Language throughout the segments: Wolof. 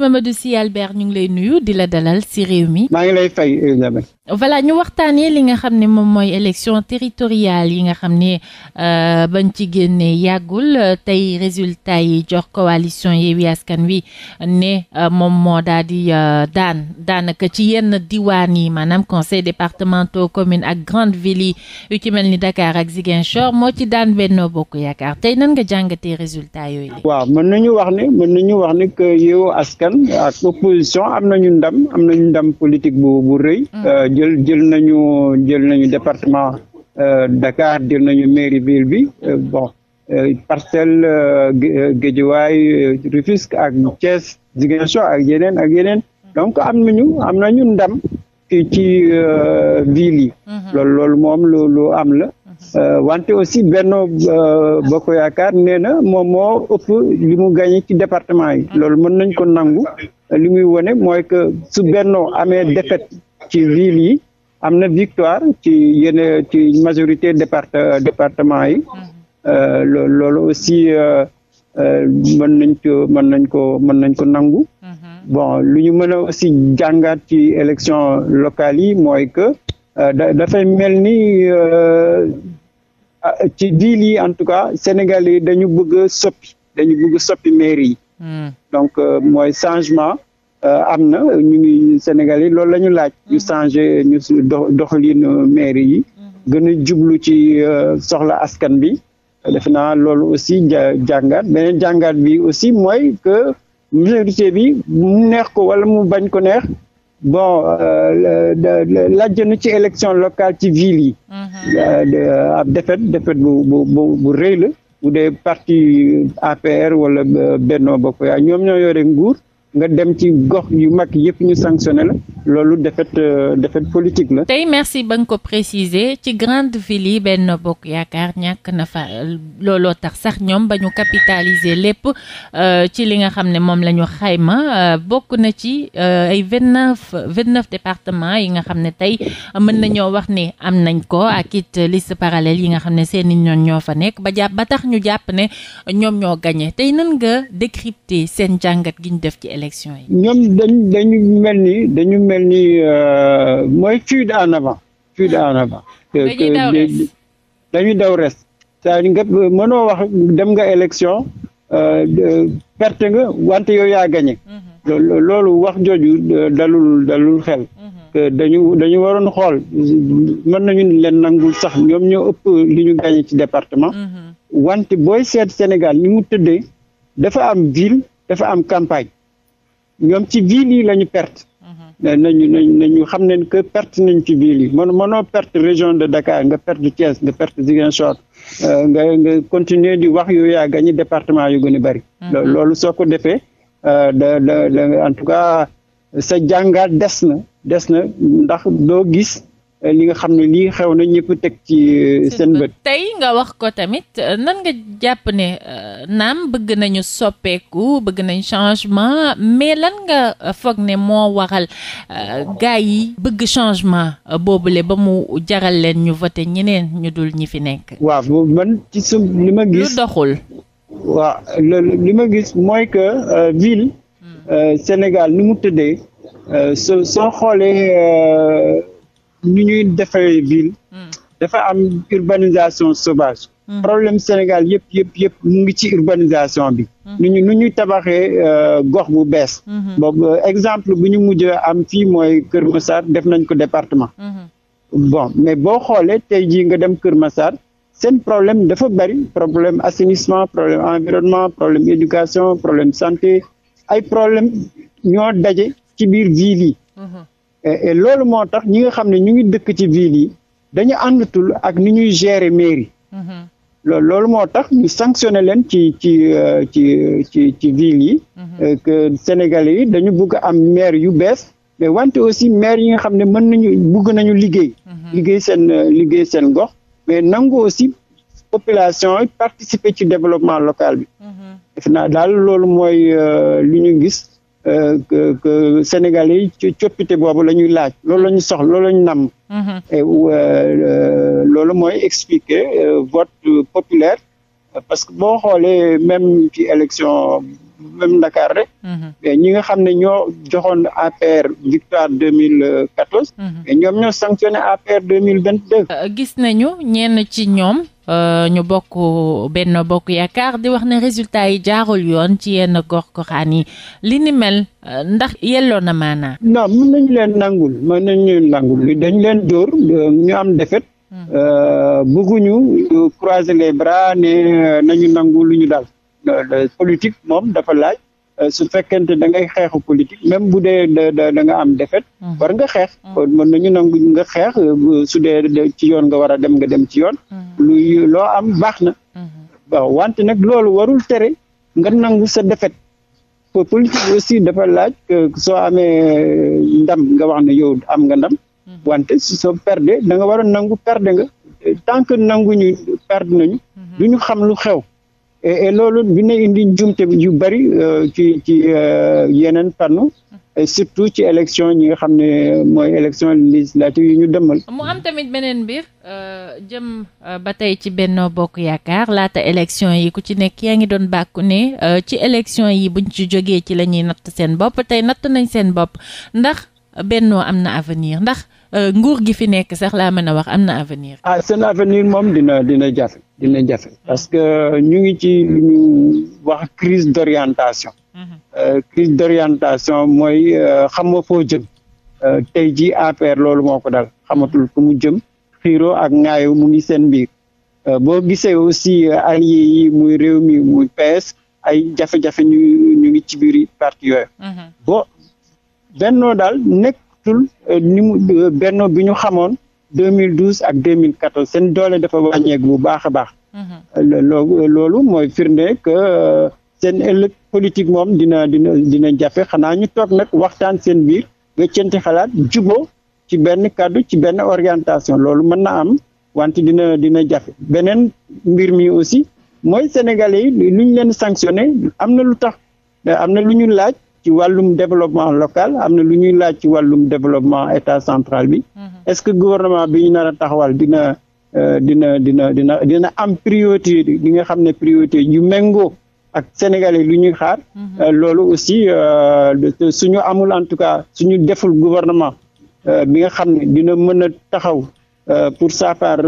Mamadou Sy Albert ñu ngi lay nuyu di la dalal si réew mi. maa ngi fay voilà ñu waxtaanee li nga xam ne moom mooy élection territoriale yi nga xam ne euh, bañ ci génne yàggul tey résultat yi jox coalition Yewwi Askan Wi ne euh, moom moo daal di euh, daan daanaka ci yenn diwaan yi maanaam conseil départementaux commune ak ville yi yu ci mel ni Dakar ak Ziguinchor moo ci daan Benno Bokk Yaakaar tey nan nga jàngatee résultat yooyu. waaw mën nañu wax ne mën nañu wax ne que Yewwi Askan ak opposition am nañu ndam am nañu ndam politique bu jël jël nañu jël nañu département euh, Dakar jël nañu mairie ville bi euh, bon euh, parcelle Guédiawaye Rufisque ak Thiès Ziguinchor ak yeneen ak yeneen donc am nañu am nañu ndam ci ci ville yi mhm. loolu loolu moom lu am la mhm. wante aussi Benno Bokk Yaakaar nee na moom moo ëpp li mu gagné ci département yi mhm. loolu mën nañ ko nangu li wone mooy que su Benno amee défaite ci ville yi am na victoire ci yenn ci majorité départe département yi mm-hmm. euh, loolu aussi euh, euh, mën nañ ko mën nañ ko mën nañ ko nangu mm-hmm. lu ñu mën a aussi jàngaat ci élection locale yi mooy que dafay mel ni ah, ci ville yi en tout cas Sénégal yi dañu bëgg a soppi dañu bëgg soppi mairie yi mm. donc mooy changement am na ñu ngi Sénégal yi loolu la ñu laaj. ñu mm-hmm. changé ñu doxalin mairie yi. Mm-hmm. gën jublu ci euh, soxla askan bi. def naa loolu aussi ja jàngat beneen jàngat bi aussi mooy que majorité bi mu neex ko wala mu bañ ko neex bon euh, lajjana ci élection locale ci ville yi. Mm-hmm. Euh, ab défaite défaite bu bu bu bu rëy la. dee parti APR wala Benno Bokk Yaakaar ñoom ñoo yore nguur. nga dem ci gox yu mag yëpp ñu sanctionné la loolu défaite euh, défaite politique la. tey merci ba nga ko préciser ci grande ville yi benn bokk yaakaar ñàkk na fa looloo tax sax ñoom ba ñu capitaliser lépp euh, ci li nga xam ne moom la ñu xayma euh, bokk na ci ay vingt neuf vingt neuf yi nga xam ne tey mën nañoo wax ni am nañ ko ak it liste parallèle yi nga xam ne seeni ñoon ñoo fa nekk ba jàpp ba tax ñu jàpp ne ñoom ñoo gagné tey nan nga décrypter seen jàngat gi ñu def ci élection yi. ñoom dañ dañu mel ni dañu mel ni euh, mooy fuite en avant fuite en avant dañuy daw res cest nga mënoo wax dem nga élection euh, perte nga wante yow yaa gagné mhm. loolu wax jooju euh, dalul dalul xel mhm. dañu dañu waroon xool mën nañu leen nangul sax ñoom ñoo ëpp li ñu ci département mhm. wante booy seet Sénégal ni mu tëddee dafa am ville dafa am campagne ñoom ci ville yi la perte Euh, nañu nañu nañu xam ne que perte nañ ci ville yi mën mënoo perte région de Dakar nga perte Thiès nga perte Ziguinchor euh, nga nga continuer di wax yu yaa département yu gën a bëri. Mm-hmm. loolu euh, en tout cas sa jàngaat des na des na ndax doo gis. li nga xam ne lii xew na ñëpp teg ci euh, seen bët. tey nga wax ko tamit euh, nan nga jàpp ne euh, naam bëgg nañu soppeeku bëgg nañ changement mais lan nga foog ne moo waral gars yi bëgg changement boobule ba mu jaral leen ñu vote ñeneen ñu dul ñi fi nekk. waaw man ci sum li ma gis lu doxul. waaw li ma gis mooy que ville. Hmm. Sénégal ni mu tëddee. soo xoolee. ñu ñuy defaree ville. Hmm. dafa am urbanisation sauvage. Hmm. problème Sénégal yëpp yëpp yëpp mu ngi ci urbanisation bi. Hmm. nu ñu nu ñuy tabaxee euh, gox bu bees. boobu euh, exemple bu ñu mujj am fii mooy Kër Massar def nañ ko département. bon mais boo xoolee tey jii nga dem Kër Massar seen problème dafa bari problème assainissement problème environnement problème éducation problème santé ay problème ñoo daje ci biir ville yi. loolu moo tax ñi nga xam ne ñu ngi dëkk ci ville yi dañu àndatul ak ni ñuy gérer mairie. Mhm. loolu moo tax ñu sanctionné leen ci ci euh, ci ci ci ville yi. Mhm. Euh, que yi dañu bugg am maire yu bees. mais wante aussi maire yi nga xam ne mën nañu bugg nañu liggéey. Mhm. liggéey seen euh, liggéey seen gox. mais nangu aussi population yi participer ci développement locale bi. defe naa daal loolu mooy li ñu gis. Euh, que que Sénégalais yi coppite boobu la ñuy laaj loolu la ñu soxla loolu la ñu nam. Mm-hmm. Euh, euh, loolu mooy expliquer vote populaire parce que boo xoolee même ci élection. même Dakar rek. Mhm. ñi nga xam ne ñoo joxoon APR victoire 2014. Mhm. mais ñoom ñoo sanctionné APR 2022. Euh, gis nañu ñenn ci ñoom. Euh, ñu bokk benn bokk yaakaar di wax na résultat yi jaarul yoon ci yenn gox-goxaan yi li ni mel euh, ndax yelloo na maanaa. non mën nañu leen nangul mën nañu leen nangul dañu leen dóor ñu am defet mhm. bëgguñu croiser les bras ne nañu nangu lu ñu daal. politique moom dafa laaj euh, su fekkente da ngay xeexu politique même bu dee da da nga am défaite. Mm-hmm. war nga xeex. Mm-hmm. mën nañu nangu nga xeex euh, su dee ci yoon nga war a dem nga dem ci yoon. Mm-hmm. luy loo am baax na. waaw wante nag loolu warul tere nga nangu sa défaite. politique aussi dafa laaj soo amee euh, ndam nga wax ne yow am nga ndam. wante soo perdee da nga war nangu perdre nga. tant que nanguñu perdre nañu. du ñu xam lu xew. et loolu dina indi njumte yu bëri euh, ci ci euh, yeneen tanu et surtout ci élection ñi nga xam ne mooy élection législative yi ñu demal. mu am tamit beneen mbir euh, jëm ba tey ci Benno Bokk Yaakaar laata élection yi ku ci nekk yaa ngi doon bàkku ne ci élection yi bu buñ ci jógee ci la ñuy natt seen bopp tey natt nañ seen bopp ndax Benno am na avenir ndax nguur gi fi nekk sax laa mën a wax am na avenir. ah seen avenir moom dina dina jafe. dina jafe parce que ñu ngi ci lu ñu wax crise d'orientation mhm. euh, d'orientation mooy euh, xam nga foo jëm euh, tey ji APR loolu moo ko dal xamatul fu mu jëm xiiroo ak ŋaayo mu ngi seen biir boo gisee aussi allié yi muy réew mi muy PS ay jafe-jafe ñu ngi ci biir parti yooyu mhm. boo bennoo daal nekkatul ni mu bennoo xamoon 2012 ak 2014 seen doole dafa wàññeeku bu baax a baax. Mhm. loolu mooy firnde que euh, seen ëllëg politique moom dina dina dina jafe xanaa ñu toog nag waxtaan seen biir weccante xalaat jubo ci benn kàddu ci benn orientation loolu mën na am wante dina dina jafe beneen mbir mi aussi mooy sénégalais yi lu leen sanctionné am na lu tax am na lu ñu laaj. ci wàllum développement local am na lu ñuy laaj ci wàllum développement état central bi mhm. est-ce que gouvernement bi ñu nar a taxawal dina euh, dina dina dina dina am priorité li nga xam ne priorité yu méngoo ak sénégalais lu ñuy xaar mhm. euh, loolu aussi euh, suñu amul en tout cas suñu deful gouvernement bi nga xam ne dina mën a taxaw pour saafar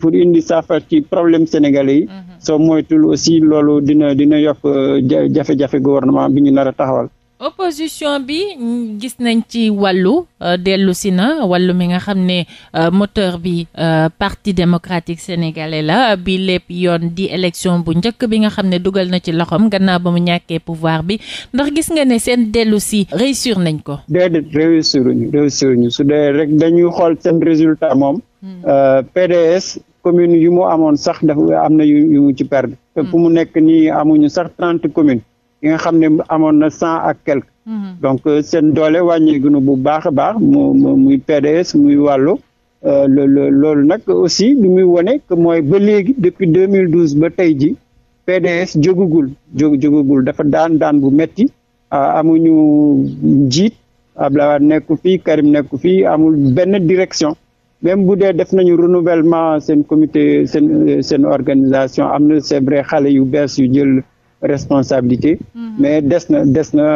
pour indi saafar ci problème sénégalais yi mhm. soo moytul aussi loolu dina dina yokk jafe-jafe gouvernement bi ñu nar a taxawal opposition bi gis nañ ci wàllu euh, dellusi na wàllu mi nga xam ne euh, moteur bi euh, parti démocratique sénégalais la bi lépp yoon di élection bu njëkk bi nga xam ne dugal na ci loxoom gannaaw ba mu ñàkkee pouvoir bi ndax gis nga ne seen dellu si réussir nañ ko. déedéet réussir ñu réussir su dee rek dañuy xool seen résultat moom. Hmm. PDS commune yu mu amoon sax dafa am na yu mu ci perdre. Hmm. te fu mu nekk nii amuñu sax trente communes. yi nga xam ne amoon na cent ak quelque. Mhm. donc euh, seen doole wàññeeku na bu baax a baax mu muy PDS muy wàllu. Euh, loolu nag aussi lu muy wone que mooy ba léegi depuis 2012 ba tey ji PDS jógugul jóg jógugul dafa daan daan bu metti amuñu njiit Abdoulaye nekku fii Karim nekku fii amul benn direction même bu dee def nañu renouvellement seen commité seen euh, seen organisation am na c'est xale yu bees yu jël responsabilité. Mm-hmm. mais des na des na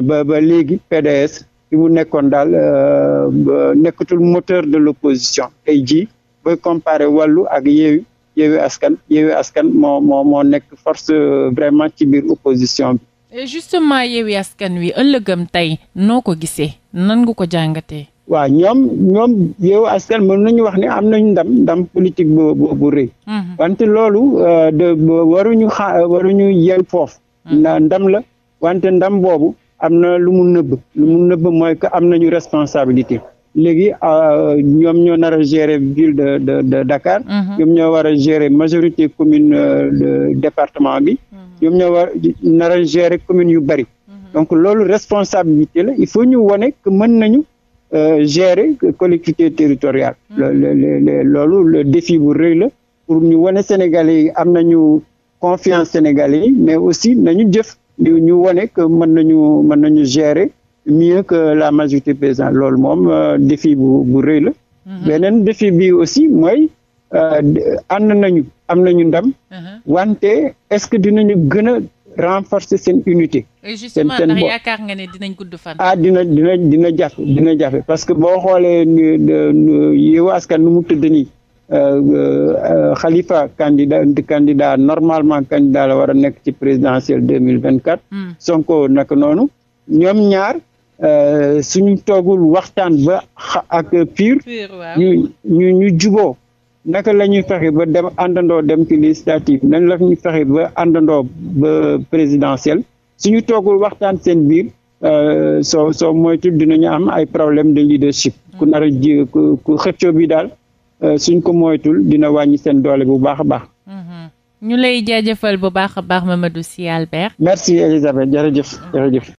ba ba léegi PDS fi mu nekkoon daal euh, nekkatul moteur de l'opposition ay jii booy comparer wàllu ak yeewi yeewi askan yeewi askan moo moo nekk force euh, vraiment ci biir opposition bi. et justement yeewi askan wi am tey noo ko gisee nangu ko jàngatee. waaw ñoom ñoom yow askan mën nañu wax ni am nañu ndam ndam politique boobu bu rëy. Mhm. wante loolu euh, de waruñu xa euh, waruñu yem foofu. Mhm. na ndam la wante ndam boobu am na lu mu nëbb lu mu nëbb mooy que am nañu responsabilité. léegi euh, ñoom ñoo nar a gérer ville de de de Dakar. Mhm. ñoom ñoo war a majorité commune de département bi. ñoom ñoo war nar a commune yu bari. donc loolu responsabilité la il faut ñu wone que mën nañu. Euh, gérer collectivité territoriale. Hmm. loolu le défi bu rëy la pour ñu wane Sénégalais yi am nañu confiance Sénégalais yi mais aussi nañu jëf ñu wone que mën nañu mën nañu gérer mieux que la majorité paysanne loolu moom euh, défi bu bu rëy la. Hmm. beneen défi bi aussi mooy euh, ànd nañu am nañu ndam. Hmm. wante est-ce que dinañu gën a renforcer seen unité. seen seen bopp yaakaar nga ne dinañ gudd fan. ah dina dina dina jafe dina jafe parce que boo xoolee Yewwi Askan nu mu tëdd nii euh, euh, Khalifa candidat candidat normalement candidat la war a nekk ci présidentielle deux mille vingt quatre. Hmm. Sonko naka noonu ñoom ñaar. Euh, suñu toogul waxtaan ba ak pur ñu ñu naka la ñuy fexe ba dem àndandoo dem ci législative nan la ñuy fexe ba àndandoo ba présidentielle suñu toogul waxtaan seen biir euh, soo soo moytu dinañu am ay problème de leadership ku nar a ji ku xëccoo bi daal euh, suñ ko moytul dina wàññi seen doole bu baax a baax. Mm-hmm. ñu lay jaajëfal bu baax a baax Mamadou Sy Albert. merci Elisabeth jërëjëf jërëjëf.